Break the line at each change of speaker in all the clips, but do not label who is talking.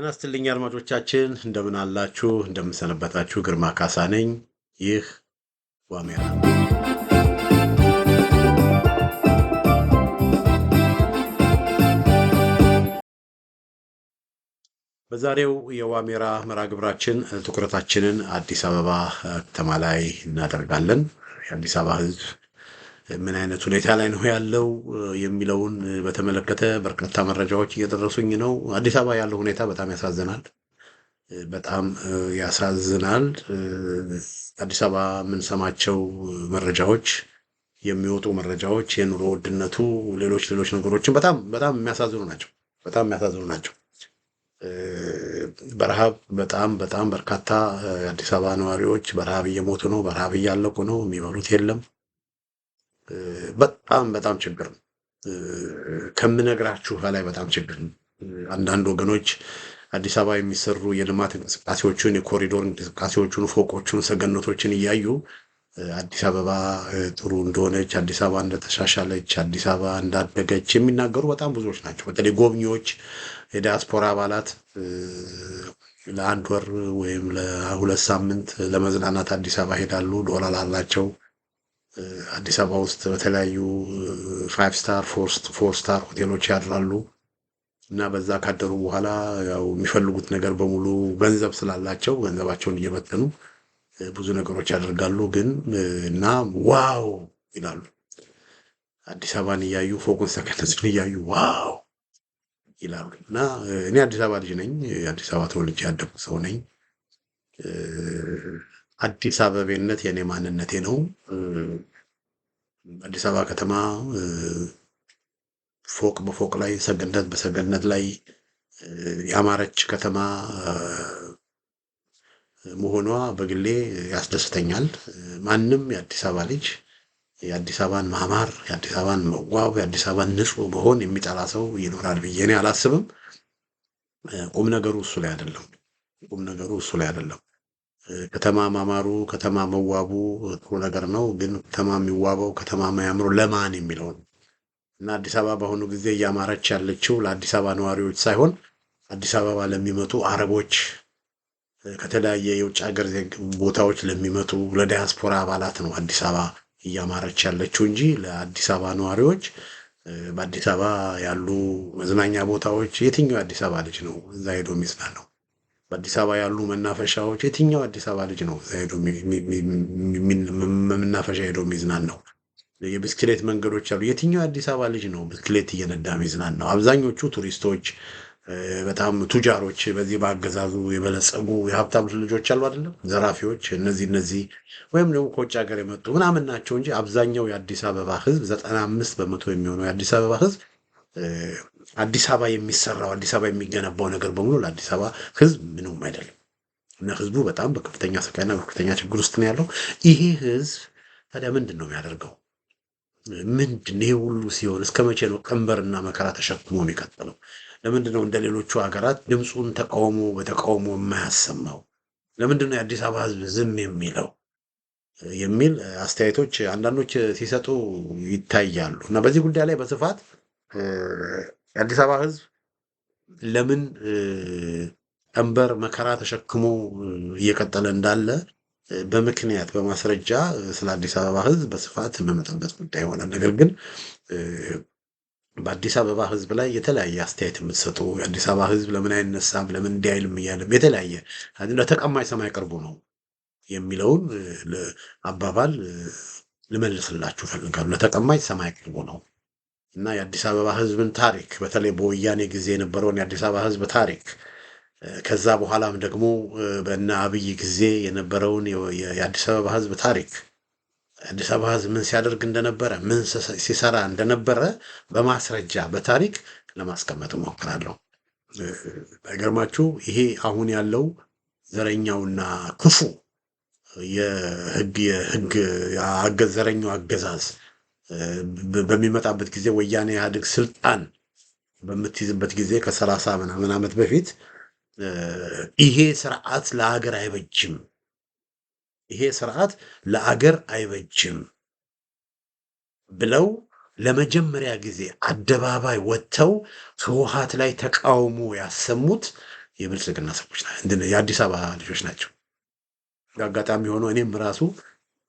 ጤና ይስጥልኝ አድማጮቻችን፣ እንደምን አላችሁ? እንደምንሰነበታችሁ። ግርማ ካሳ ነኝ። ይህ ዋሜራ በዛሬው የዋሜራ መርሃ ግብራችን ትኩረታችንን አዲስ አበባ ከተማ ላይ እናደርጋለን። የአዲስ አበባ ሕዝብ ምን አይነት ሁኔታ ላይ ነው ያለው የሚለውን በተመለከተ በርካታ መረጃዎች እየደረሱኝ ነው። አዲስ አበባ ያለው ሁኔታ በጣም ያሳዝናል፣ በጣም ያሳዝናል። አዲስ አበባ የምንሰማቸው መረጃዎች፣ የሚወጡ መረጃዎች፣ የኑሮ ውድነቱ፣ ሌሎች ሌሎች ነገሮችን በጣም በጣም የሚያሳዝኑ ናቸው። በጣም የሚያሳዝኑ ናቸው። በረሃብ በጣም በጣም በርካታ የአዲስ አበባ ነዋሪዎች በረሃብ እየሞቱ ነው። በረሃብ እያለቁ ነው። የሚበሉት የለም። በጣም በጣም ችግር ነው። ከምነግራችሁ በላይ በጣም ችግር ነው። አንዳንድ ወገኖች አዲስ አበባ የሚሰሩ የልማት እንቅስቃሴዎችን፣ የኮሪዶር እንቅስቃሴዎችን፣ ፎቆችን፣ ሰገነቶችን እያዩ አዲስ አበባ ጥሩ እንደሆነች፣ አዲስ አበባ እንደተሻሻለች፣ አዲስ አበባ እንዳደገች የሚናገሩ በጣም ብዙዎች ናቸው። በተለይ ጎብኚዎች፣ የዲያስፖራ አባላት ለአንድ ወር ወይም ለሁለት ሳምንት ለመዝናናት አዲስ አበባ ሄዳሉ። ዶላር አላቸው አዲስ አበባ ውስጥ በተለያዩ ፋይቭ ስታር ፎር ስታር ሆቴሎች ያድራሉ እና በዛ ካደሩ በኋላ ያው የሚፈልጉት ነገር በሙሉ ገንዘብ ስላላቸው ገንዘባቸውን እየመጠኑ ብዙ ነገሮች ያደርጋሉ። ግን እና ዋው ይላሉ። አዲስ አበባን እያዩ ፎቁን፣ ሰከነስን እያዩ ዋው ይላሉ። እና እኔ አዲስ አበባ ልጅ ነኝ። አዲስ አበባ ተወልጄ ያደጉ ሰው ነኝ። አዲስ አበቤነት የኔ ማንነቴ ነው። አዲስ አበባ ከተማ ፎቅ በፎቅ ላይ ሰገነት በሰገነት ላይ ያማረች ከተማ መሆኗ በግሌ ያስደስተኛል። ማንም የአዲስ አበባ ልጅ የአዲስ አበባን ማማር፣ የአዲስ አበባን መዋብ፣ የአዲስ አበባን ንጹህ መሆን የሚጠላ ሰው ይኖራል ብዬ እኔ አላስብም። ቁም ነገሩ እሱ ላይ አይደለም። ቁም ነገሩ እሱ ላይ አይደለም። ከተማ ማማሩ ከተማ መዋቡ ጥሩ ነገር ነው። ግን ከተማ የሚዋበው ከተማ ማያምሩ ለማን የሚለው ነው እና አዲስ አበባ በአሁኑ ጊዜ እያማረች ያለችው ለአዲስ አበባ ነዋሪዎች ሳይሆን አዲስ አበባ ለሚመጡ አረቦች፣ ከተለያየ የውጭ ሀገር ቦታዎች ለሚመጡ ለዲያስፖራ አባላት ነው አዲስ አበባ እያማረች ያለችው እንጂ ለአዲስ አበባ ነዋሪዎች በአዲስ አበባ ያሉ መዝናኛ ቦታዎች የትኛው አዲስ አበባ ልጅ ነው እዛ ሄዶ የሚዝናናው? በአዲስ አበባ ያሉ መናፈሻዎች የትኛው አዲስ አበባ ልጅ ነው መናፈሻ ሄዶ ሚዝናን ነው? የብስክሌት መንገዶች አሉ። የትኛው አዲስ አበባ ልጅ ነው ብስክሌት እየነዳ ሚዝናን ነው? አብዛኞቹ ቱሪስቶች፣ በጣም ቱጃሮች፣ በዚህ በአገዛዙ የበለጸጉ የሀብታም ልጆች አሉ አይደለም፣ ዘራፊዎች፣ እነዚህ እነዚህ ወይም ደግሞ ከውጭ ሀገር የመጡ ምናምን ናቸው እንጂ አብዛኛው የአዲስ አበባ ህዝብ ዘጠና አምስት በመቶ የሚሆነው የአዲስ አበባ ህዝብ? አዲስ አበባ የሚሰራው አዲስ አበባ የሚገነባው ነገር በሙሉ ለአዲስ አበባ ህዝብ ምንም አይደለም እና ህዝቡ በጣም በከፍተኛ ስቃይና በከፍተኛ ችግር ውስጥ ነው ያለው። ይሄ ህዝብ ታዲያ ምንድን ነው የሚያደርገው? ምንድን ይሄ ሁሉ ሲሆን እስከ መቼ ነው ቀንበርና መከራ ተሸክሞ የሚቀጥለው? ለምንድን ነው እንደ ሌሎቹ ሀገራት ድምፁን ተቃውሞ በተቃውሞ የማያሰማው? ለምንድን ነው የአዲስ አበባ ህዝብ ዝም የሚለው የሚል አስተያየቶች አንዳንዶች ሲሰጡ ይታያሉ እና በዚህ ጉዳይ ላይ በስፋት የአዲስ አበባ ህዝብ ለምን ቀንበር መከራ ተሸክሞ እየቀጠለ እንዳለ በምክንያት በማስረጃ ስለ አዲስ አበባ ህዝብ በስፋት የምመጣበት ጉዳይ ይሆናል። ነገር ግን በአዲስ አበባ ህዝብ ላይ የተለያየ አስተያየት የምትሰጡ የአዲስ አበባ ህዝብ ለምን አይነሳም፣ ለምን እንዲህ አይልም እያለም የተለያየ ለተቀማጭ ሰማይ ቅርቡ ነው የሚለውን አባባል ልመልስላችሁ ፈልጋሉ። ለተቀማጭ ሰማይ ቅርቡ ነው። እና የአዲስ አበባ ህዝብን ታሪክ በተለይ በወያኔ ጊዜ የነበረውን የአዲስ አበባ ህዝብ ታሪክ ከዛ በኋላም ደግሞ በእነ አብይ ጊዜ የነበረውን የአዲስ አበባ ህዝብ ታሪክ አዲስ አበባ ህዝብ ምን ሲያደርግ እንደነበረ ምን ሲሰራ እንደነበረ በማስረጃ በታሪክ ለማስቀመጥ እሞክራለሁ። አይገርማችሁ ይሄ አሁን ያለው ዘረኛውና ክፉ የህግ የህግ አገዝ ዘረኛው አገዛዝ በሚመጣበት ጊዜ ወያኔ ኢህአዴግ ስልጣን በምትይዝበት ጊዜ ከሰላሳ ምናምን ዓመት በፊት ይሄ ስርዓት ለሀገር አይበጅም፣ ይሄ ስርዓት ለአገር አይበጅም ብለው ለመጀመሪያ ጊዜ አደባባይ ወጥተው ህወሓት ላይ ተቃውሞ ያሰሙት የብልጽግና ሰዎች የአዲስ አበባ ልጆች ናቸው። አጋጣሚ ሆኖ እኔም ራሱ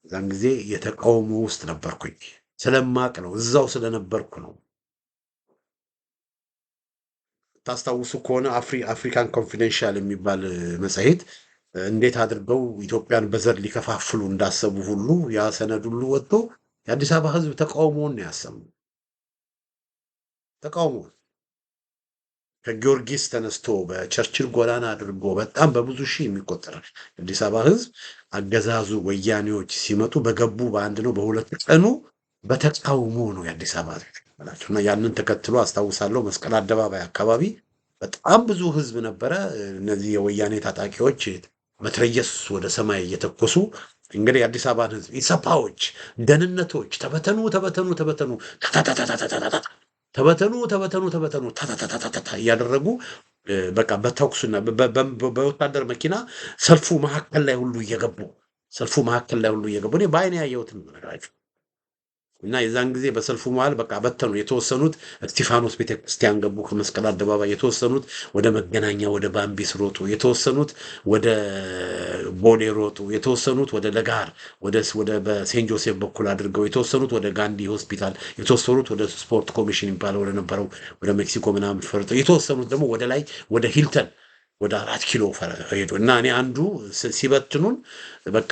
እዛን ጊዜ የተቃውሞ ውስጥ ነበርኩኝ። ስለማቅ ነው፣ እዛው ስለነበርኩ ነው። ታስታውሱ ከሆነ አፍሪካን ኮንፊደንሻል የሚባል መጽሔት እንዴት አድርገው ኢትዮጵያን በዘር ሊከፋፍሉ እንዳሰቡ ሁሉ ያ ሰነድ ሁሉ ወጥቶ የአዲስ አበባ ሕዝብ ተቃውሞውን ነው ያሰሙ። ተቃውሞ ከጊዮርጊስ ተነስቶ በቸርችል ጎዳና አድርጎ በጣም በብዙ ሺህ የሚቆጠር የአዲስ አበባ ሕዝብ አገዛዙ ወያኔዎች ሲመጡ በገቡ በአንድ ነው በሁለት ቀኑ በተቃውሞ ነው የአዲስ አበባ ዜናቸው እና ያንን ተከትሎ አስታውሳለሁ መስቀል አደባባይ አካባቢ በጣም ብዙ ህዝብ ነበረ። እነዚህ የወያኔ ታጣቂዎች መትረየስ ወደ ሰማይ እየተኮሱ እንግዲህ የአዲስ አበባን ህዝብ ኢሰፓዎች፣ ደህንነቶች ተበተኑ ተበተኑ ተበተኑ ተበተኑ ተበተኑ ተበተኑ እያደረጉ በቃ በተኩስና በወታደር መኪና ሰልፉ መካከል ላይ ሁሉ እየገቡ ሰልፉ መካከል ላይ ሁሉ እየገቡ እኔ በአይን ያየሁትን ነገራቸው እና የዛን ጊዜ በሰልፉ መሃል በቃ በተኑ። የተወሰኑት እስቲፋኖስ ቤተክርስቲያን ገቡ፣ ከመስቀል አደባባይ የተወሰኑት ወደ መገናኛ ወደ ባምቢስ ሮጡ፣ የተወሰኑት ወደ ቦሌ ሮጡ፣ የተወሰኑት ወደ ለጋር ወደ ጆሴፍ በኩል አድርገው፣ የተወሰኑት ወደ ጋንዲ ሆስፒታል፣ የተወሰኑት ወደ ስፖርት ኮሚሽን የሚባለው ወደነበረው ወደ ሜክሲኮ ምናምን ፈርጠው፣ የተወሰኑት ደግሞ ወደ ላይ ወደ ሂልተን ወደ አራት ኪሎ ሄዱ እና እኔ አንዱ ሲበትኑን በቃ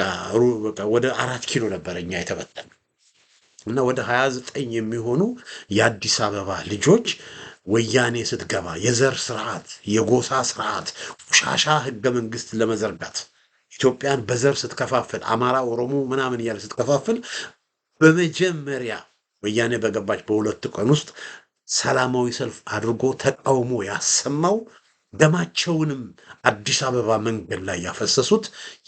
ወደ አራት ኪሎ ነበረ እኛ የተበተን እና ወደ 29 የሚሆኑ የአዲስ አበባ ልጆች ወያኔ ስትገባ የዘር ስርዓት፣ የጎሳ ስርዓት፣ ቁሻሻ ህገ መንግስት ለመዘርጋት ኢትዮጵያን በዘር ስትከፋፍል አማራ፣ ኦሮሞ ምናምን እያለ ስትከፋፍል በመጀመሪያ ወያኔ በገባች በሁለት ቀን ውስጥ ሰላማዊ ሰልፍ አድርጎ ተቃውሞ ያሰማው ደማቸውንም አዲስ አበባ መንገድ ላይ ያፈሰሱት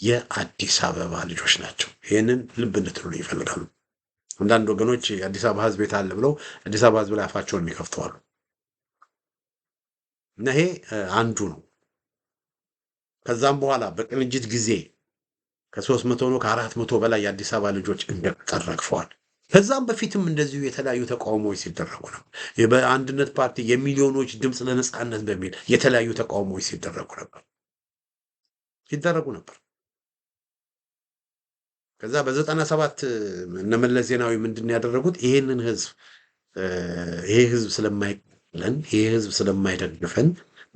የአዲስ አበባ ልጆች ናቸው። ይህንን ልብ እንድትሉ ይፈልጋሉ። አንዳንድ ወገኖች የአዲስ አበባ ህዝብ ቤት አለ ብለው አዲስ አበባ ህዝብ ላይ አፋቸውን የሚከፍተዋሉ እና ይሄ አንዱ ነው። ከዛም በኋላ በቅንጅት ጊዜ ከሶስት መቶ ነው ከአራት መቶ በላይ የአዲስ አበባ ልጆች እንደጠረግፈዋል። ከዛም በፊትም እንደዚሁ የተለያዩ ተቃውሞዎች ሲደረጉ ነው። በአንድነት ፓርቲ የሚሊዮኖች ድምፅ ለነፃነት በሚል የተለያዩ ተቃውሞዎች ሲደረጉ ነበር ሲደረጉ ነበር። ከዛ በዘጠና ሰባት እነመለስ ዜናዊ ምንድን ያደረጉት ይሄንን ህዝብ ይሄ ህዝብ ስለማይቀለን ይሄ ህዝብ ስለማይደግፈን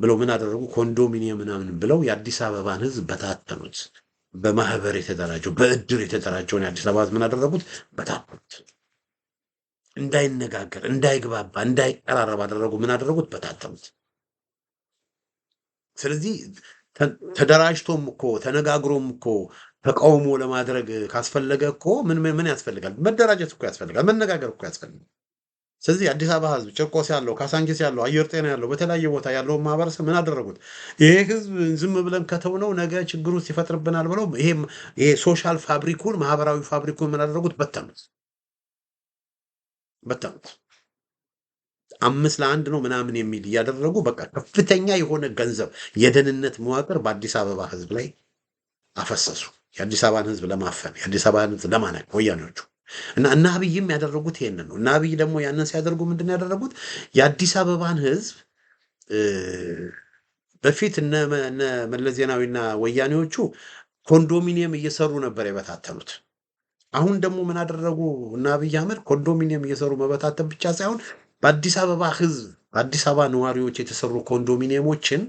ብለው ምን አደረጉ? ኮንዶሚኒየም ምናምን ብለው የአዲስ አበባን ህዝብ በታተኑት። በማህበር የተደራጀው በእድር የተደራጀውን የአዲስ አበባ ህዝብ ምን አደረጉት? በታተኑት። እንዳይነጋገር፣ እንዳይግባባ፣ እንዳይቀራረብ አደረጉ። ምን አደረጉት? በታተኑት። ስለዚህ ተደራጅቶም እኮ ተነጋግሮም እኮ ተቃውሞ ለማድረግ ካስፈለገ እኮ ምን ምን ያስፈልጋል? መደራጀት እኮ ያስፈልጋል። መነጋገር እኮ ያስፈልጋል። ስለዚህ አዲስ አበባ ህዝብ፣ ጭርቆስ ያለው፣ ካሳንቺስ ያለው፣ አየር ጤና ያለው፣ በተለያየ ቦታ ያለው ማህበረሰብ ምን አደረጉት? ይሄ ህዝብ ዝም ብለን ከተውነው ነገ ችግር ውስጥ ይፈጥርብናል ብለው ይሄ ሶሻል ፋብሪኩን ማህበራዊ ፋብሪኩን ምን አደረጉት? በተኑት በተኑት። አምስት ለአንድ ነው ምናምን የሚል እያደረጉ በቃ ከፍተኛ የሆነ ገንዘብ የደህንነት መዋቅር በአዲስ አበባ ህዝብ ላይ አፈሰሱ። የአዲስ አበባን ህዝብ ለማፈን የአዲስ አበባን ህዝብ ለማነቅ ወያኔዎቹ እና እነ አብይም ያደረጉት ይሄንን ነው። እነ አብይ ደግሞ ያንን ሲያደርጉ ምንድን ያደረጉት? የአዲስ አበባን ህዝብ በፊት እነ መለስ ዜናዊና ወያኔዎቹ ኮንዶሚኒየም እየሰሩ ነበር የበታተኑት። አሁን ደግሞ ምን አደረጉ? እነ አብይ አህመድ ኮንዶሚኒየም እየሰሩ መበታተን ብቻ ሳይሆን በአዲስ አበባ ህዝብ በአዲስ አበባ ነዋሪዎች የተሰሩ ኮንዶሚኒየሞችን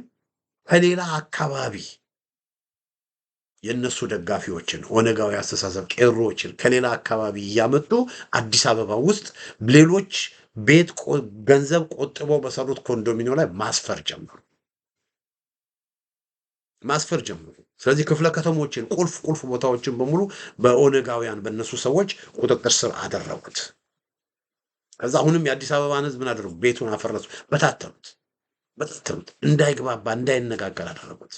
ከሌላ አካባቢ የእነሱ ደጋፊዎችን ኦነጋዊ አስተሳሰብ ቄሮዎችን ከሌላ አካባቢ እያመጡ አዲስ አበባ ውስጥ ሌሎች ቤት ገንዘብ ቆጥበው በሰሩት ኮንዶሚኒየም ላይ ማስፈር ጀመሩ ማስፈር ጀመሩ። ስለዚህ ክፍለ ከተሞችን ቁልፍ ቁልፍ ቦታዎችን በሙሉ በኦነጋውያን በእነሱ ሰዎች ቁጥጥር ስር አደረጉት። ከዛ አሁንም የአዲስ አበባን ህዝብ ምን አደረጉ? ቤቱን አፈረሱ፣ በታተኑት፣ በታተኑት፣ እንዳይግባባ እንዳይነጋገር አደረጉት።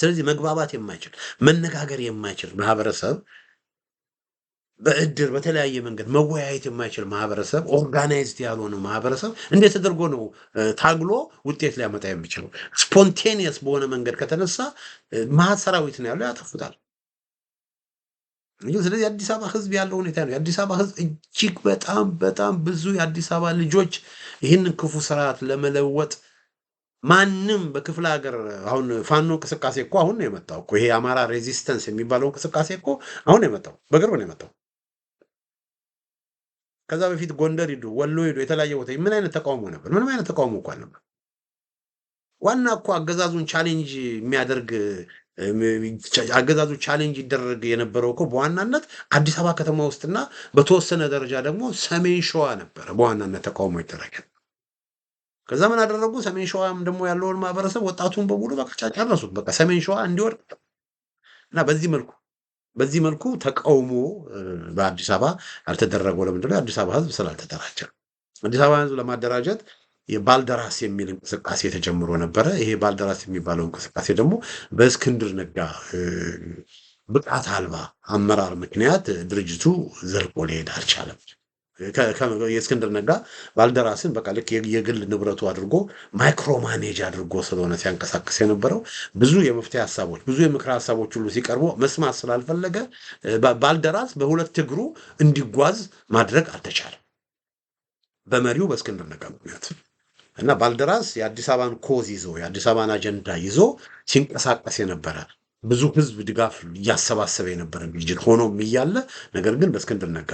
ስለዚህ መግባባት የማይችል መነጋገር የማይችል ማህበረሰብ በእድር በተለያየ መንገድ መወያየት የማይችል ማህበረሰብ ኦርጋናይዝድ ያልሆነ ማህበረሰብ እንዴት ተደርጎ ነው ታግሎ ውጤት ሊያመጣ የሚችለው? ስፖንቴኒየስ በሆነ መንገድ ከተነሳ መሀት ሰራዊት ነው ያለው፣ ያጠፉታል። ስለዚህ የአዲስ አበባ ህዝብ ያለው ሁኔታ ነው። የአዲስ አበባ ህዝብ እጅግ በጣም በጣም ብዙ የአዲስ አበባ ልጆች ይህንን ክፉ ስርዓት ለመለወጥ ማንም በክፍለ ሀገር አሁን ፋኖ እንቅስቃሴ እኮ አሁን ነው የመጣው እኮ ይሄ የአማራ ሬዚስተንስ የሚባለው እንቅስቃሴ እኮ አሁን ነው የመጣው፣ በቅርብ ነው የመጣው። ከዛ በፊት ጎንደር ሂዱ፣ ወሎ ሂዱ፣ የተለያየ ቦታ ምን አይነት ተቃውሞ ነበር? ምንም አይነት ተቃውሞ እኮ አልነበር። ዋና እኮ አገዛዙን ቻሌንጅ የሚያደርግ አገዛዙ ቻሌንጅ ይደረግ የነበረው እኮ በዋናነት አዲስ አበባ ከተማ ውስጥና በተወሰነ ደረጃ ደግሞ ሰሜን ሸዋ ነበረ በዋናነት ተቃውሞ ይደረጋል። ከዛ ምን አደረጉ? ሰሜን ሸዋም ደግሞ ያለውን ማህበረሰብ ወጣቱን በሙሉ በቃ ጨረሱት። በቃ ሰሜን ሸዋ እንዲወርድ እና በዚህ መልኩ በዚህ መልኩ ተቃውሞ በአዲስ አበባ አልተደረገው። ለምንድነው? የአዲስ አበባ ህዝብ ስላልተደራጀ። አዲስ አበባ ህዝብ ለማደራጀት የባልደራስ የሚል እንቅስቃሴ ተጀምሮ ነበረ። ይሄ ባልደራስ የሚባለው እንቅስቃሴ ደግሞ በእስክንድር ነጋ ብቃት አልባ አመራር ምክንያት ድርጅቱ ዘልቆ ሊሄድ አልቻለም። የእስክንድር ነጋ ባልደራስን በቃ ልክ የግል ንብረቱ አድርጎ ማይክሮ ማኔጅ አድርጎ ስለሆነ ሲያንቀሳቅስ የነበረው ብዙ የመፍትሄ ሀሳቦች ብዙ የምክር ሀሳቦች ሁሉ ሲቀርቡ መስማት ስላልፈለገ ባልደራስ በሁለት እግሩ እንዲጓዝ ማድረግ አልተቻለም፣ በመሪው በእስክንድር ነጋ ምክንያት እና ባልደራስ የአዲስ አበባን ኮዝ ይዞ የአዲስ አበባን አጀንዳ ይዞ ሲንቀሳቀስ የነበረ ብዙ ህዝብ ድጋፍ እያሰባሰበ የነበረ ሆኖም እያለ ነገር ግን በእስክንድር ነጋ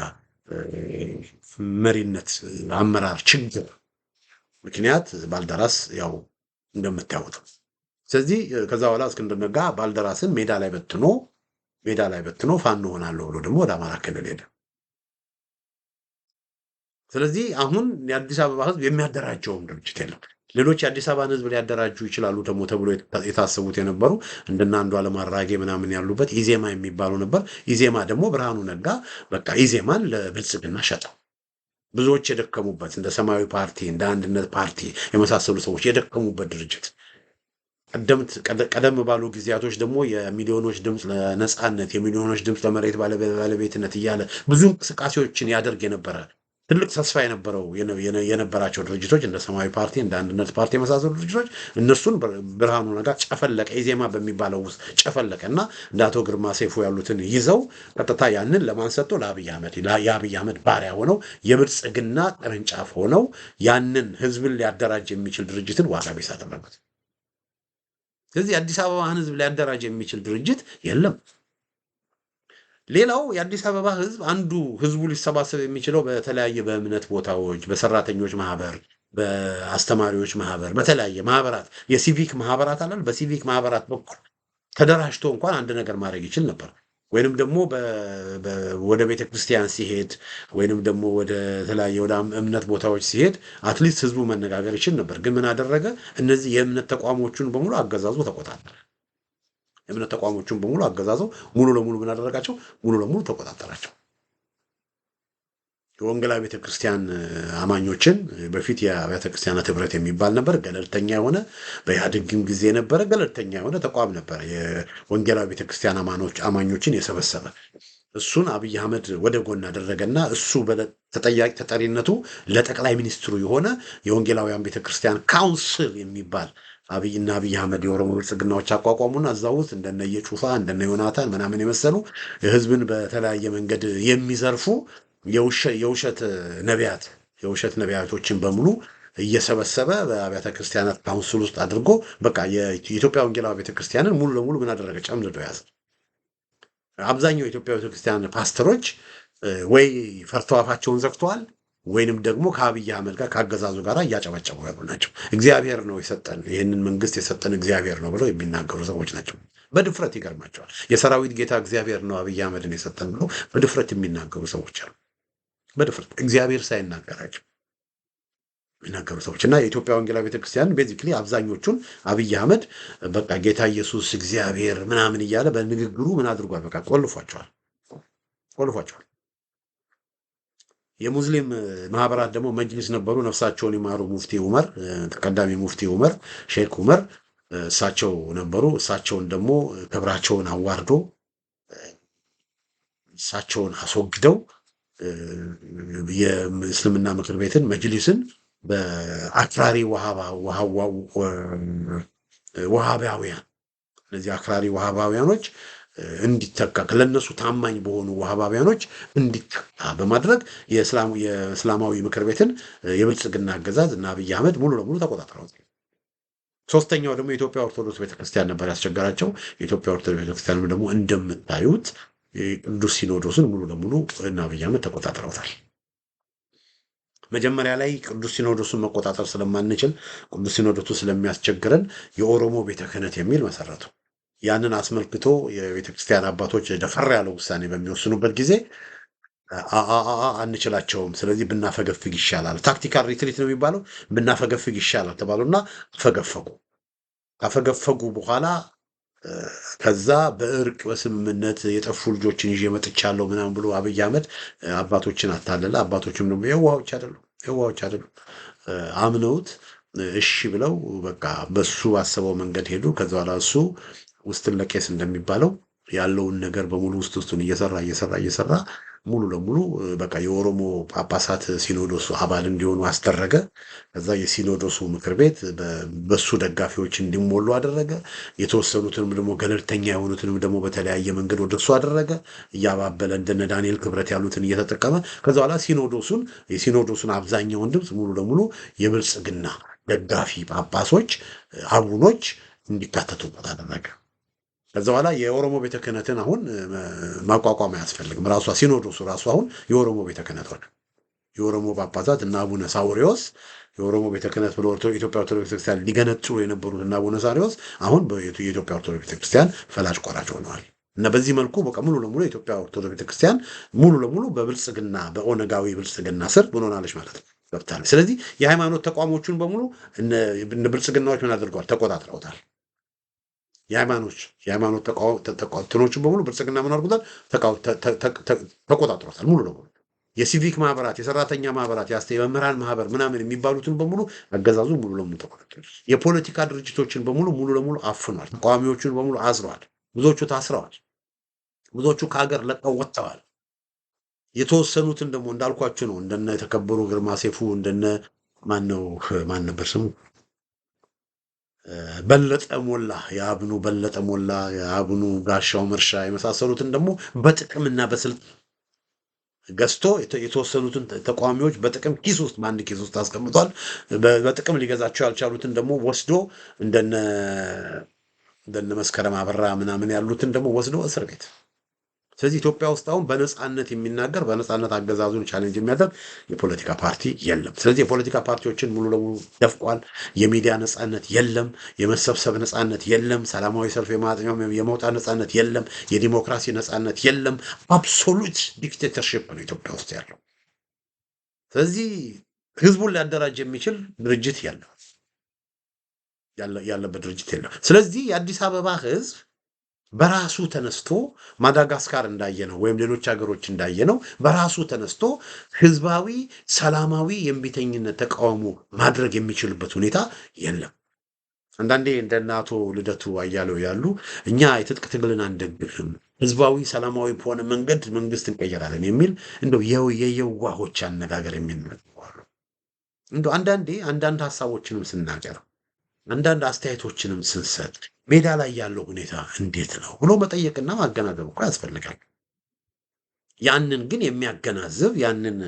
መሪነት አመራር ችግር ምክንያት ባልደራስ ያው እንደምታዩት ስለዚህ ከዛ በኋላ እስክንድር ነጋ ባልደራስን ሜዳ ላይ በትኖ ሜዳ ላይ በትኖ ፋኖ ሆናለሁ ብሎ ደግሞ ወደ አማራ ክልል ሄደ። ስለዚህ አሁን የአዲስ አበባ ህዝብ የሚያደራጀውም ድርጅት የለም። ሌሎች የአዲስ አበባን ህዝብ ሊያደራጁ ይችላሉ ደግሞ ተብሎ የታሰቡት የነበሩ እንደና አንዱ አለም ምናምን ያሉበት ኢዜማ የሚባሉ ነበር። ኢዜማ ደግሞ ብርሃኑ ነጋ በቃ ኢዜማን ለብልጽግና ሸጠው። ብዙዎች የደከሙበት እንደ ሰማያዊ ፓርቲ እንደ አንድነት ፓርቲ የመሳሰሉ ሰዎች የደከሙበት ድርጅት ቀደምት ቀደም ባሉ ጊዜያቶች ደግሞ የሚሊዮኖች ድምፅ ለነፃነት የሚሊዮኖች ድምፅ ለመሬት ባለቤትነት እያለ ብዙ እንቅስቃሴዎችን ያደርግ የነበረ ትልቅ ተስፋ የነበረው የነበራቸው ድርጅቶች እንደ ሰማያዊ ፓርቲ እንደ አንድነት ፓርቲ የመሳሰሉ ድርጅቶች እነሱን ብርሃኑ ነጋ ጨፈለቀ፣ ኢዜማ በሚባለው ውስጥ ጨፈለቀ እና እንደ አቶ ግርማ ሴፉ ያሉትን ይዘው ቀጥታ ያንን ለማንሰጡ ለአብይ አህመድ የአብይ አህመድ ባሪያ ሆነው የብልጽግና ቅርንጫፍ ሆነው ያንን ህዝብን ሊያደራጅ የሚችል ድርጅትን ዋጋ ቢስ አደረጉት። ስለዚህ አዲስ አበባን ህዝብ ሊያደራጅ የሚችል ድርጅት የለም። ሌላው የአዲስ አበባ ህዝብ አንዱ ህዝቡ ሊሰባሰብ የሚችለው በተለያየ በእምነት ቦታዎች፣ በሰራተኞች ማህበር፣ በአስተማሪዎች ማህበር፣ በተለያየ ማህበራት የሲቪክ ማህበራት አላል በሲቪክ ማህበራት በኩል ተደራጅቶ እንኳን አንድ ነገር ማድረግ ይችል ነበር። ወይንም ደግሞ ወደ ቤተ ክርስቲያን ሲሄድ ወይንም ደግሞ ወደ ተለያየ ወደ እምነት ቦታዎች ሲሄድ አትሊስት ህዝቡ መነጋገር ይችል ነበር። ግን ምን አደረገ? እነዚህ የእምነት ተቋሞቹን በሙሉ አገዛዙ ተቆጣጠረ። የእምነት ተቋሞቹን በሙሉ አገዛዘው ሙሉ ለሙሉ ምን አደረጋቸው? ሙሉ ለሙሉ ተቆጣጠራቸው። የወንጌላ ቤተክርስቲያን አማኞችን በፊት የአብያተ ክርስቲያናት ህብረት የሚባል ነበር። ገለልተኛ የሆነ በኢህአዴግም ጊዜ የነበረ ገለልተኛ የሆነ ተቋም ነበር። የወንጌላዊ ቤተክርስቲያን አማኞችን የሰበሰበ እሱን አብይ አህመድ ወደ ጎን አደረገና እሱ ተጠያቂ ተጠሪነቱ ለጠቅላይ ሚኒስትሩ የሆነ የወንጌላውያን ቤተክርስቲያን ካውንስል የሚባል አብይና አብይ አህመድ የኦሮሞ ብልጽግናዎች አቋቋሙና እዛ ውስጥ እንደነየ ጩፋ እንደነ ዮናታን ምናምን የመሰሉ ህዝብን በተለያየ መንገድ የሚዘርፉ የውሸት ነቢያት የውሸት ነቢያቶችን በሙሉ እየሰበሰበ በአብያተ ክርስቲያናት ካውንስል ውስጥ አድርጎ በቃ የኢትዮጵያ ወንጌላዊ ቤተክርስቲያንን ሙሉ ለሙሉ ምን አደረገ? ጨምድዶ ያዘ። አብዛኛው የኢትዮጵያ ቤተክርስቲያን ፓስተሮች ወይ ፈርተዋፋቸውን ዘግተዋል ወይንም ደግሞ ከአብይ አህመድ ጋር ከአገዛዙ ጋር እያጨበጨቡ ያሉ ናቸው። እግዚአብሔር ነው የሰጠን ይህንን መንግስት የሰጠን እግዚአብሔር ነው ብለው የሚናገሩ ሰዎች ናቸው። በድፍረት ይገርማቸዋል። የሰራዊት ጌታ እግዚአብሔር ነው አብይ አህመድን የሰጠን ብለው በድፍረት የሚናገሩ ሰዎች አሉ። በድፍረት እግዚአብሔር ሳይናገራቸው የሚናገሩ ሰዎች እና የኢትዮጵያ ወንጌላ ቤተክርስቲያን ቤዚክሊ አብዛኞቹን አብይ አህመድ በቃ ጌታ ኢየሱስ እግዚአብሔር ምናምን እያለ በንግግሩ ምን አድርጓል? በቃ ቆልፏቸዋል ቆልፏቸዋል። የሙስሊም ማህበራት ደግሞ መጅሊስ ነበሩ። ነፍሳቸውን ይማሩ ሙፍቲ ዑመር ተቀዳሚ ሙፍቲ ዑመር ሼክ ዑመር እሳቸው ነበሩ። እሳቸውን ደግሞ ክብራቸውን አዋርዶ እሳቸውን አስወግደው የእስልምና ምክር ቤትን መጅሊስን በአክራሪ ውሃባውያን እነዚህ አክራሪ ውሃባውያኖች እንዲተካ ለነሱ ታማኝ በሆኑ ዋህባቢያኖች እንዲተካ በማድረግ የእስላማዊ ምክር ቤትን የብልጽግና አገዛዝ እና አብይ አህመድ ሙሉ ለሙሉ ተቆጣጥረዋል። ሶስተኛው ደግሞ የኢትዮጵያ ኦርቶዶክስ ቤተክርስቲያን ነበር ያስቸገራቸው። የኢትዮጵያ ኦርቶዶክስ ቤተክርስቲያንም ደግሞ እንደምታዩት ቅዱስ ሲኖዶስን ሙሉ ለሙሉ እና አብይ አህመድ ተቆጣጥረውታል። መጀመሪያ ላይ ቅዱስ ሲኖዶሱን መቆጣጠር ስለማንችል ቅዱስ ሲኖዶሱ ስለሚያስቸግረን የኦሮሞ ቤተ ክህነት የሚል መሰረቱ። ያንን አስመልክቶ የቤተ ክርስቲያን አባቶች ደፈር ያለ ውሳኔ በሚወስኑበት ጊዜ አንችላቸውም፣ ስለዚህ ብናፈገፍግ ይሻላል፣ ታክቲካል ሪትሪት ነው የሚባለው፣ ብናፈገፍግ ይሻላል ተባሉና አፈገፈጉ። ካፈገፈጉ በኋላ ከዛ በእርቅ በስምምነት የጠፉ ልጆችን ይዤ መጥቻለሁ ምናምን ብሎ አብይ አህመድ አባቶችን አታለለ። አባቶችም ደግሞ የዋሆች አይደሉም፣ የዋሆች አይደሉም። አምነውት እሺ ብለው በቃ በሱ አሰበው መንገድ ሄዱ። ከዛ በኋላ እሱ ውስጥን ለቄስ እንደሚባለው ያለውን ነገር በሙሉ ውስጥ ውስጡን እየሰራ እየሰራ እየሰራ ሙሉ ለሙሉ በቃ የኦሮሞ ጳጳሳት ሲኖዶሱ አባል እንዲሆኑ አስደረገ። ከዛ የሲኖዶሱ ምክር ቤት በሱ ደጋፊዎች እንዲሞሉ አደረገ። የተወሰኑትንም ደግሞ ገለልተኛ የሆኑትንም ደግሞ በተለያየ መንገድ ወደ እሱ አደረገ። እያባበለ እንደነ ዳንኤል ክብረት ያሉትን እየተጠቀመ ከዛ በኋላ ሲኖዶሱን የሲኖዶሱን አብዛኛውን ድምፅ ሙሉ ለሙሉ የብልጽግና ደጋፊ ጳጳሶች፣ አቡኖች እንዲካተቱበት አደረገ። ከዛ በኋላ የኦሮሞ ቤተ ክህነትን አሁን ማቋቋም አያስፈልግም። ራሷ ሲኖዶሱ ራሱ አሁን የኦሮሞ ቤተ ክህነት ሆነ። የኦሮሞ ጳጳሳት እና አቡነ ሳውሪዎስ የኦሮሞ ቤተ ክህነት ብሎ ኢትዮጵያ ኦርቶዶክስ ቤተክርስቲያን ሊገነጥሉ የነበሩት እና አቡነ ሳውሪዎስ አሁን የኢትዮጵያ ኦርቶዶክስ ቤተክርስቲያን ፈላጭ ቆራጭ ሆነዋል እና በዚህ መልኩ በቃ ሙሉ ለሙሉ የኢትዮጵያ ኦርቶዶክስ ቤተክርስቲያን ሙሉ ለሙሉ በብልጽግና በኦነጋዊ ብልጽግና ስር ምን ማለት ነው ገብታለች። ስለዚህ የሃይማኖት ተቋሞቹን በሙሉ ብልጽግናዎች ምን አድርገዋል? ተቆጣጥረውታል። የሃይማኖች የሃይማኖት ትኖችን በሙሉ ብልጽግና ምን አድርጎታል? ተቆጣጥሯታል ሙሉ ለሙሉ የሲቪክ ማህበራት፣ የሰራተኛ ማህበራት፣ የመምህራን ማህበር ምናምን የሚባሉትን በሙሉ አገዛዙ ሙሉ ለሙሉ ተቆጣጥሯል። የፖለቲካ ድርጅቶችን በሙሉ ሙሉ ለሙሉ አፍኗል። ተቃዋሚዎቹን በሙሉ አዝረዋል። ብዙዎቹ ታስረዋል። ብዙዎቹ ከሀገር ለቀው ወጥተዋል። የተወሰኑትን ደግሞ እንዳልኳችሁ ነው። እንደነ የተከበሩ ግርማ ሴፉ እንደነ ማን ነው ማን ነበር ስሙ በለጠ ሞላ የአብኑ በለጠ ሞላ የአብኑ ጋሻው መርሻ የመሳሰሉትን ደግሞ በጥቅምና በስልት ገዝቶ የተወሰኑትን ተቃዋሚዎች በጥቅም ኪስ ውስጥ በአንድ ኪስ ውስጥ አስቀምጧል። በጥቅም ሊገዛቸው ያልቻሉትን ደግሞ ወስዶ እንደነ መስከረም አበራ ምናምን ያሉትን ደግሞ ወስዶ እስር ቤት ስለዚህ ኢትዮጵያ ውስጥ አሁን በነፃነት የሚናገር በነፃነት አገዛዙን ቻሌንጅ የሚያደርግ የፖለቲካ ፓርቲ የለም። ስለዚህ የፖለቲካ ፓርቲዎችን ሙሉ ለሙሉ ደፍቋል። የሚዲያ ነፃነት የለም። የመሰብሰብ ነፃነት የለም። ሰላማዊ ሰልፍ የመውጣት ነፃነት የለም። የዲሞክራሲ ነፃነት የለም። አብሶሉት ዲክቴተርሽፕ ነው ኢትዮጵያ ውስጥ ያለው። ስለዚህ ህዝቡን ሊያደራጅ የሚችል ድርጅት የለም፣ ያለበት ድርጅት የለም። ስለዚህ የአዲስ አበባ ህዝብ በራሱ ተነስቶ ማዳጋስካር እንዳየነው ወይም ሌሎች ሀገሮች እንዳየ ነው። በራሱ ተነስቶ ህዝባዊ ሰላማዊ የእምቢተኝነት ተቃውሞ ማድረግ የሚችልበት ሁኔታ የለም። አንዳንዴ እንደነ አቶ ልደቱ አያሌው ያሉ እኛ የትጥቅ ትግልን አንደግፍም፣ ህዝባዊ ሰላማዊ በሆነ መንገድ መንግስት እንቀየራለን የሚል እንደው የየዋሆች አነጋገር የሚል እንደው አንዳንዴ አንዳንድ ሀሳቦችንም ስናቀርብ አንዳንድ አስተያየቶችንም ስንሰጥ ሜዳ ላይ ያለው ሁኔታ እንዴት ነው ብሎ መጠየቅና ማገናዘብ እኮ ያስፈልጋል። ያንን ግን የሚያገናዝብ ያንን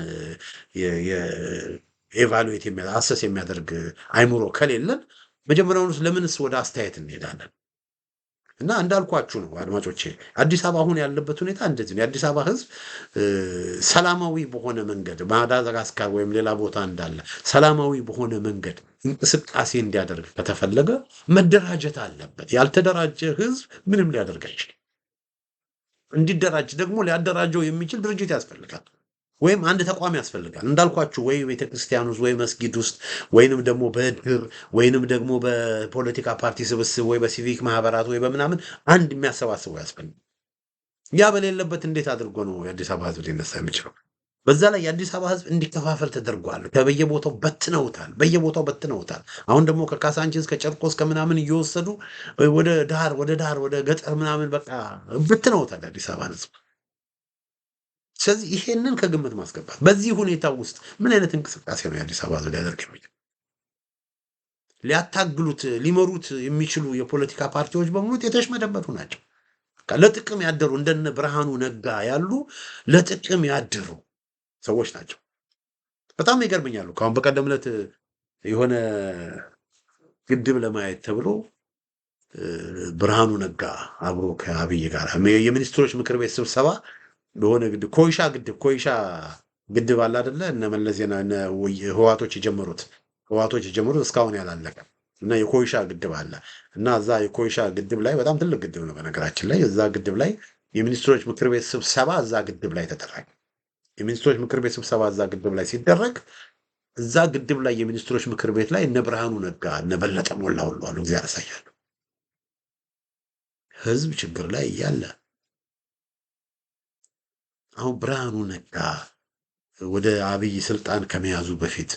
ኤቫሉዌት አሰስ የሚያደርግ አይምሮ ከሌለን መጀመሪያውኑ ለምንስ ወደ አስተያየት እንሄዳለን? እና እንዳልኳችሁ ነው አድማጮቼ፣ አዲስ አበባ አሁን ያለበት ሁኔታ እንደዚህ ነው። የአዲስ አበባ ሕዝብ ሰላማዊ በሆነ መንገድ ማዳጋስካር ወይም ሌላ ቦታ እንዳለ ሰላማዊ በሆነ መንገድ እንቅስቃሴ እንዲያደርግ ከተፈለገ መደራጀት አለበት። ያልተደራጀ ህዝብ ምንም ሊያደርግ አይችልም። እንዲደራጅ ደግሞ ሊያደራጀው የሚችል ድርጅት ያስፈልጋል፣ ወይም አንድ ተቋም ያስፈልጋል። እንዳልኳችሁ ወይ ቤተክርስቲያን ውስጥ ወይ መስጊድ ውስጥ ወይንም ደግሞ በእድር ወይንም ደግሞ በፖለቲካ ፓርቲ ስብስብ ወይ በሲቪክ ማህበራት ወይ በምናምን አንድ የሚያሰባስበው ያስፈልጋል። ያ በሌለበት እንዴት አድርጎ ነው የአዲስ አበባ ህዝብ ሊነሳ የሚችለው? በዛ ላይ የአዲስ አበባ ህዝብ እንዲከፋፈል ተደርጓል። ከበየቦታው በትነውታል፣ በየቦታው በትነውታል። አሁን ደግሞ ከካሳንቺስ ከጨርቆስ ከምናምን እየወሰዱ ወደ ዳር ወደ ዳር ወደ ገጠር ምናምን በቃ በትነውታል የአዲስ አበባ ህዝብ። ስለዚህ ይሄንን ከግምት ማስገባት በዚህ ሁኔታ ውስጥ ምን አይነት እንቅስቃሴ ነው የአዲስ አበባ ህዝብ ሊያደርግ የሚል ሊያታግሉት ሊመሩት የሚችሉ የፖለቲካ ፓርቲዎች በሙሉ የተሽመደመዱ ናቸው። ለጥቅም ያደሩ እንደነ ብርሃኑ ነጋ ያሉ ለጥቅም ያደሩ ሰዎች ናቸው። በጣም ይገርመኛሉ። ከአሁን በቀደም ዕለት የሆነ ግድብ ለማየት ተብሎ ብርሃኑ ነጋ አብሮ ከአብይ ጋር የሚኒስትሮች ምክር ቤት ስብሰባ በሆነ ግድብ ኮይሻ ግድብ ኮይሻ ግድብ አለ አደለ? እነ መለስ ዜና ህዋቶች የጀመሩት ህዋቶች የጀመሩት እስካሁን ያላለቀ እና የኮይሻ ግድብ አለ እና እዛ የኮይሻ ግድብ ላይ በጣም ትልቅ ግድብ ነው። በነገራችን ላይ እዛ ግድብ ላይ የሚኒስትሮች ምክር ቤት ስብሰባ እዛ ግድብ ላይ ተጠራኝ። የሚኒስትሮች ምክር ቤት ስብሰባ እዛ ግድብ ላይ ሲደረግ እዛ ግድብ ላይ የሚኒስትሮች ምክር ቤት ላይ እነ ብርሃኑ ነጋ እነ በለጠ ሞላ ሁሉ አሉ። ጊዜ ያሳያሉ። ህዝብ ችግር ላይ እያለ አሁን ብርሃኑ ነጋ ወደ አብይ ስልጣን ከመያዙ በፊት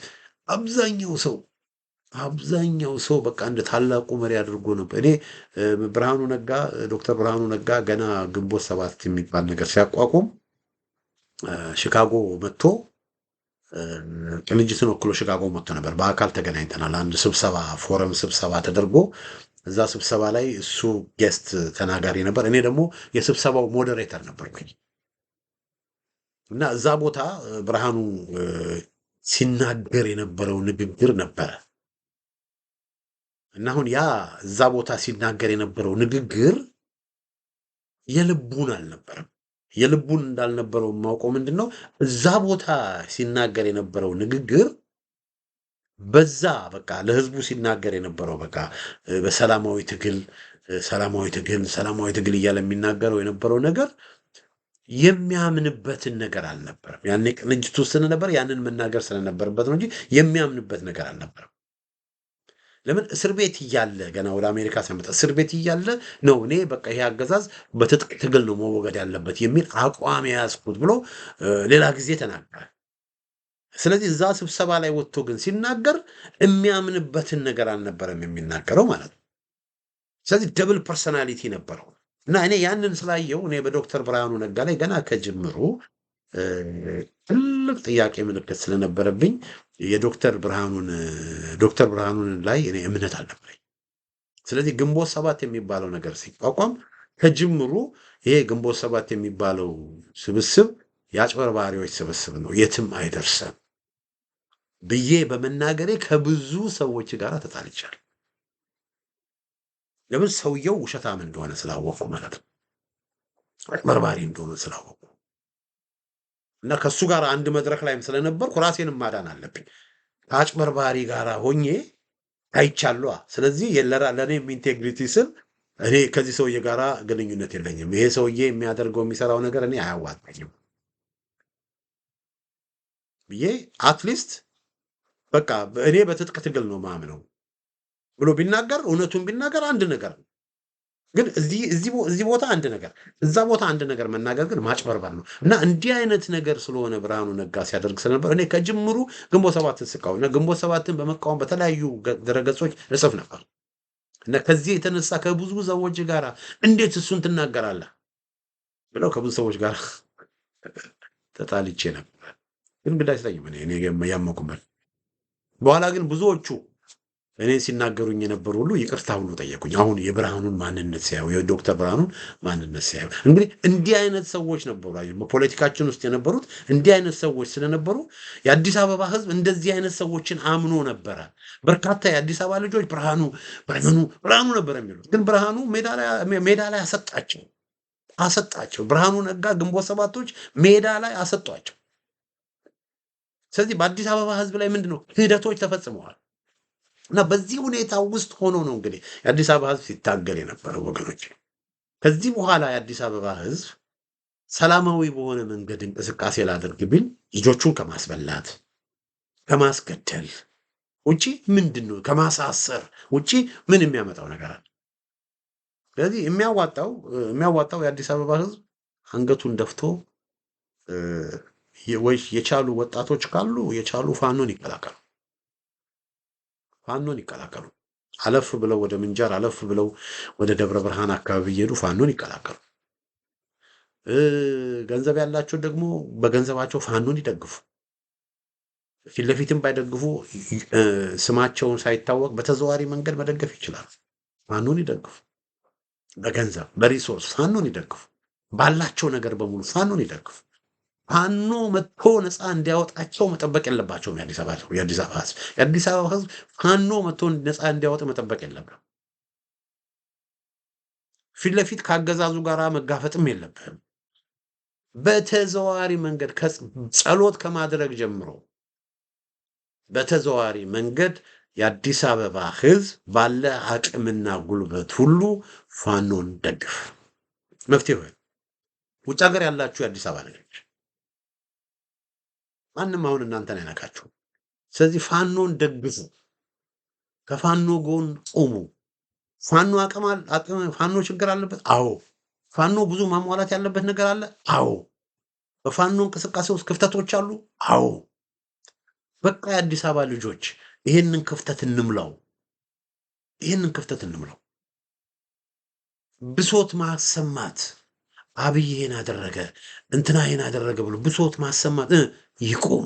አብዛኛው ሰው አብዛኛው ሰው በቃ እንደ ታላቁ መሪ አድርጎ ነው። እኔ ብርሃኑ ነጋ ዶክተር ብርሃኑ ነጋ ገና ግንቦት ሰባት የሚባል ነገር ሲያቋቁም ሽካጎ መጥቶ ቅንጅትን ወክሎ ሽካጎ መጥቶ ነበር። በአካል ተገናኝተናል። አንድ ስብሰባ ፎረም ስብሰባ ተደርጎ እዛ ስብሰባ ላይ እሱ ጌስት ተናጋሪ ነበር። እኔ ደግሞ የስብሰባው ሞዴሬተር ነበርኩኝ እና እዛ ቦታ ብርሃኑ ሲናገር የነበረው ንግግር ነበረ እና አሁን ያ እዛ ቦታ ሲናገር የነበረው ንግግር የልቡን አልነበረም። የልቡን እንዳልነበረው የማውቀው ምንድን ነው እዛ ቦታ ሲናገር የነበረው ንግግር በዛ በቃ ለህዝቡ ሲናገር የነበረው በቃ በሰላማዊ ትግል ሰላማዊ ትግል ሰላማዊ ትግል እያለ የሚናገረው የነበረው ነገር የሚያምንበትን ነገር አልነበረም። ያኔ ቅንጅቱ ስለነበር ያንን መናገር ስለነበረበት ነው እንጂ የሚያምንበት ነገር አልነበረም። ለምን እስር ቤት እያለ ገና ወደ አሜሪካ ሳይመጣ እስር ቤት እያለ ነው እኔ በቃ ይሄ አገዛዝ በትጥቅ ትግል ነው መወገድ ያለበት የሚል አቋም የያዝኩት ብሎ ሌላ ጊዜ ተናገረ። ስለዚህ እዛ ስብሰባ ላይ ወጥቶ ግን ሲናገር የሚያምንበትን ነገር አልነበረም የሚናገረው ማለት ነው። ስለዚህ ደብል ፐርሰናሊቲ ነበረው እና እኔ ያንን ስላየው እኔ በዶክተር ብርሃኑ ነጋ ላይ ገና ከጅምሩ ትልቅ ጥያቄ ምልክት ስለነበረብኝ የዶክተር ብርሃኑን ዶክተር ብርሃኑን ላይ እኔ እምነት አልነበረኝ። ስለዚህ ግንቦት ሰባት የሚባለው ነገር ሲቋቋም ከጅምሩ ይሄ ግንቦት ሰባት የሚባለው ስብስብ የአጭበርባሪዎች ስብስብ ነው፣ የትም አይደርሰም ብዬ በመናገሬ ከብዙ ሰዎች ጋር ተጣልቻል። ለምን ሰውየው ውሸታም እንደሆነ ስላወቁ ማለት ነው፣ አጭበርባሪ እንደሆነ ስላወቁ እና ከሱ ጋር አንድ መድረክ ላይም ስለነበርኩ ራሴንም ማዳን አለብኝ። ከአጭበርባሪ ጋር ሆኜ አይቻለዋ። ስለዚህ ለእኔም ኢንቴግሪቲ ስል እኔ ከዚህ ሰውዬ ጋር ግንኙነት የለኝም። ይሄ ሰውዬ የሚያደርገው የሚሰራው ነገር እኔ አያዋጣኝም ብዬ አትሊስት በቃ እኔ በትጥቅ ትግል ነው ማምነው ብሎ ቢናገር እውነቱን ቢናገር አንድ ነገር ነው። ግን እዚህ ቦታ አንድ ነገር እዛ ቦታ አንድ ነገር መናገር ግን ማጭበርበር ነው እና እንዲህ አይነት ነገር ስለሆነ ብርሃኑ ነጋ ሲያደርግ ስለነበር እኔ ከጅምሩ ግንቦት ሰባትን ስቃወም እና ግንቦት ሰባትን በመቃወም በተለያዩ ድረገጾች እጽፍ ነበር እና ከዚህ የተነሳ ከብዙ ሰዎች ጋር እንዴት እሱን ትናገራለህ ብለው ከብዙ ሰዎች ጋር ተጣልቼ ነበር። ግን ግዳይ ስጠኝ ያመኩበት በኋላ ግን ብዙዎቹ እኔ ሲናገሩኝ የነበሩ ሁሉ ይቅርታ ብሎ ጠየቁኝ። አሁን የብርሃኑን ማንነት ሲያዩ የዶክተር ብርሃኑን ማንነት ሲያዩ እንግዲህ እንዲህ አይነት ሰዎች ነበሩ። በፖለቲካችን ውስጥ የነበሩት እንዲህ አይነት ሰዎች ስለነበሩ የአዲስ አበባ ሕዝብ እንደዚህ አይነት ሰዎችን አምኖ ነበረ። በርካታ የአዲስ አበባ ልጆች ብርሃኑ ብርሃኑ ብርሃኑ ነበር የሚሉት፣ ግን ብርሃኑ ሜዳ ላይ አሰጣቸው አሰጣቸው። ብርሃኑ ነጋ፣ ግንቦት ሰባቶች ሜዳ ላይ አሰጧቸው። ስለዚህ በአዲስ አበባ ሕዝብ ላይ ምንድን ነው ክህደቶች ተፈጽመዋል። እና በዚህ ሁኔታ ውስጥ ሆኖ ነው እንግዲህ የአዲስ አበባ ህዝብ ሲታገል የነበረው ወገኖች። ከዚህ በኋላ የአዲስ አበባ ህዝብ ሰላማዊ በሆነ መንገድ እንቅስቃሴ ላደርግ ቢል ልጆቹን ከማስበላት ከማስገደል ውጪ ምንድን ነው ከማሳሰር ውጪ ምን የሚያመጣው ነገር አለ? ስለዚህ የሚያዋጣው የሚያዋጣው የአዲስ አበባ ህዝብ አንገቱን ደፍቶ ወይ የቻሉ ወጣቶች ካሉ የቻሉ ፋኖን ይቀላቀሉ። ፋኖን ይቀላቀሉ። አለፍ ብለው ወደ ምንጃር፣ አለፍ ብለው ወደ ደብረ ብርሃን አካባቢ እየሄዱ ፋኖን ይቀላቀሉ። ገንዘብ ያላቸው ደግሞ በገንዘባቸው ፋኖን ይደግፉ። ፊት ለፊትም ባይደግፉ ስማቸውን ሳይታወቅ በተዘዋሪ መንገድ መደገፍ ይችላል። ፋኖን ይደግፉ። በገንዘብ በሪሶርስ ፋኖን ይደግፉ። ባላቸው ነገር በሙሉ ፋኖን ይደግፉ። ፋኖ መጥቶ ነፃ እንዲያወጣቸው መጠበቅ የለባቸውም። የአዲስ አበባ ህዝብ የአዲስ አበባ ህዝብ ፋኖ መጥቶ ነፃ እንዲያወጣ መጠበቅ የለብም። ፊት ለፊት ከአገዛዙ ጋር መጋፈጥም የለብህም። በተዘዋዋሪ መንገድ ጸሎት ከማድረግ ጀምሮ በተዘዋዋሪ መንገድ የአዲስ አበባ ህዝብ ባለ አቅምና ጉልበት ሁሉ ፋኖን ደግፍ። መፍትሄ ውጭ ሀገር ያላችሁ የአዲስ አበባ ልጆች ማንም አሁን እናንተን አይነካችሁም። ስለዚህ ፋኖን ደግፉ፣ ከፋኖ ጎን ቁሙ። ፋኖ አቅም ፋኖ ችግር አለበት? አዎ። ፋኖ ብዙ ማሟላት ያለበት ነገር አለ? አዎ። በፋኖ እንቅስቃሴ ውስጥ ክፍተቶች አሉ? አዎ። በቃ የአዲስ አበባ ልጆች ይህንን ክፍተት እንምለው፣ ይህንን ክፍተት እንምለው። ብሶት ማሰማት አብይ ይሄን አደረገ እንትና ይሄን አደረገ ብሎ ብሶት ማሰማት ይቁም።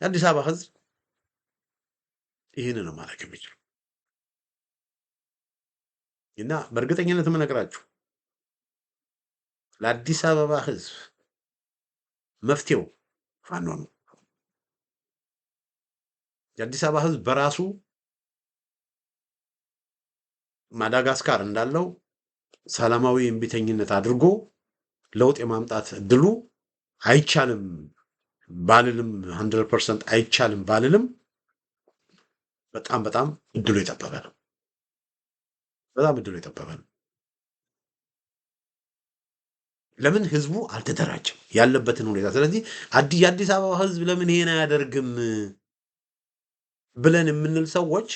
የአዲስ አበባ ህዝብ ይህንን ነው ማድረግ የሚችሉ እና በእርግጠኝነት የምነግራችሁ ለአዲስ አበባ ህዝብ መፍትሄው ፋኖ ነው። የአዲስ አበባ ህዝብ በራሱ ማዳጋስካር እንዳለው ሰላማዊ እምቢተኝነት አድርጎ ለውጥ የማምጣት እድሉ አይቻልም ባልልም ሀንድረድ ፐርሰንት አይቻልም ባልልም በጣም በጣም እድሉ የጠበበ ነው። በጣም እድሉ የጠበበ ነው። ለምን ህዝቡ አልተደራጀም ያለበትን ሁኔታ። ስለዚህ የአዲስ አበባ ህዝብ ለምን ይሄን አያደርግም ብለን የምንል ሰዎች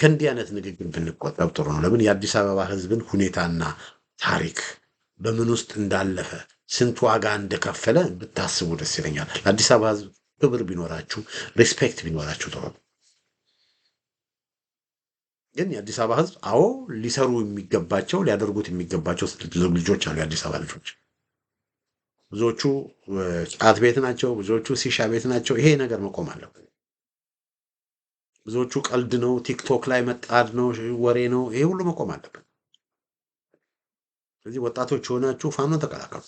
ከእንዲህ አይነት ንግግር ብንቆጠብ ጥሩ ነው። ለምን የአዲስ አበባ ህዝብን ሁኔታና ታሪክ በምን ውስጥ እንዳለፈ ስንት ዋጋ እንደከፈለ ብታስቡ ደስ ይለኛል። ለአዲስ አበባ ህዝብ ክብር ቢኖራችሁ፣ ሪስፔክት ቢኖራችሁ ጥሩ ግን የአዲስ አበባ ህዝብ አዎ ሊሰሩ የሚገባቸው ሊያደርጉት የሚገባቸው ልጆች አሉ። የአዲስ አበባ ልጆች ብዙዎቹ ጫት ቤት ናቸው፣ ብዙዎቹ ሲሻ ቤት ናቸው። ይሄ ነገር መቆም አለው። ብዙዎቹ ቀልድ ነው፣ ቲክቶክ ላይ መጣድ ነው፣ ወሬ ነው። ይሄ ሁሉ መቆም አለብን። ስለዚህ ወጣቶች የሆናችሁ ፋኖ ተቀላቀሉ።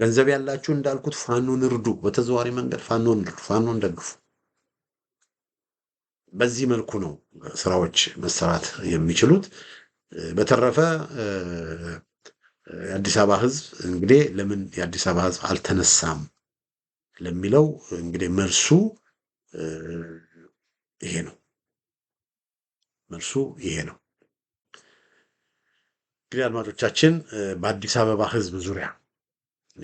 ገንዘብ ያላችሁ እንዳልኩት ፋኖን እርዱ። በተዘዋሪ መንገድ ፋኖን እርዱ፣ ፋኖን ደግፉ። በዚህ መልኩ ነው ስራዎች መሰራት የሚችሉት። በተረፈ የአዲስ አበባ ህዝብ እንግዲህ ለምን የአዲስ አበባ ህዝብ አልተነሳም ለሚለው እንግዲህ መልሱ ይሄ ነው። መልሱ ይሄ ነው። እንግዲህ አድማጮቻችን በአዲስ አበባ ህዝብ ዙሪያ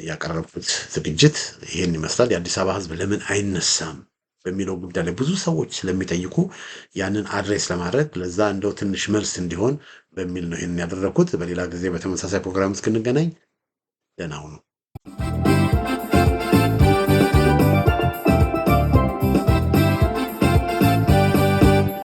ያቀረብኩት ዝግጅት ይሄን ይመስላል። የአዲስ አበባ ህዝብ ለምን አይነሳም በሚለው ጉዳይ ላይ ብዙ ሰዎች ስለሚጠይቁ ያንን አድሬስ ለማድረግ ለዛ እንደው ትንሽ መልስ እንዲሆን በሚል ነው ይህን ያደረግኩት። በሌላ ጊዜ በተመሳሳይ ፕሮግራም እስክንገናኝ ደህና ሁኑ።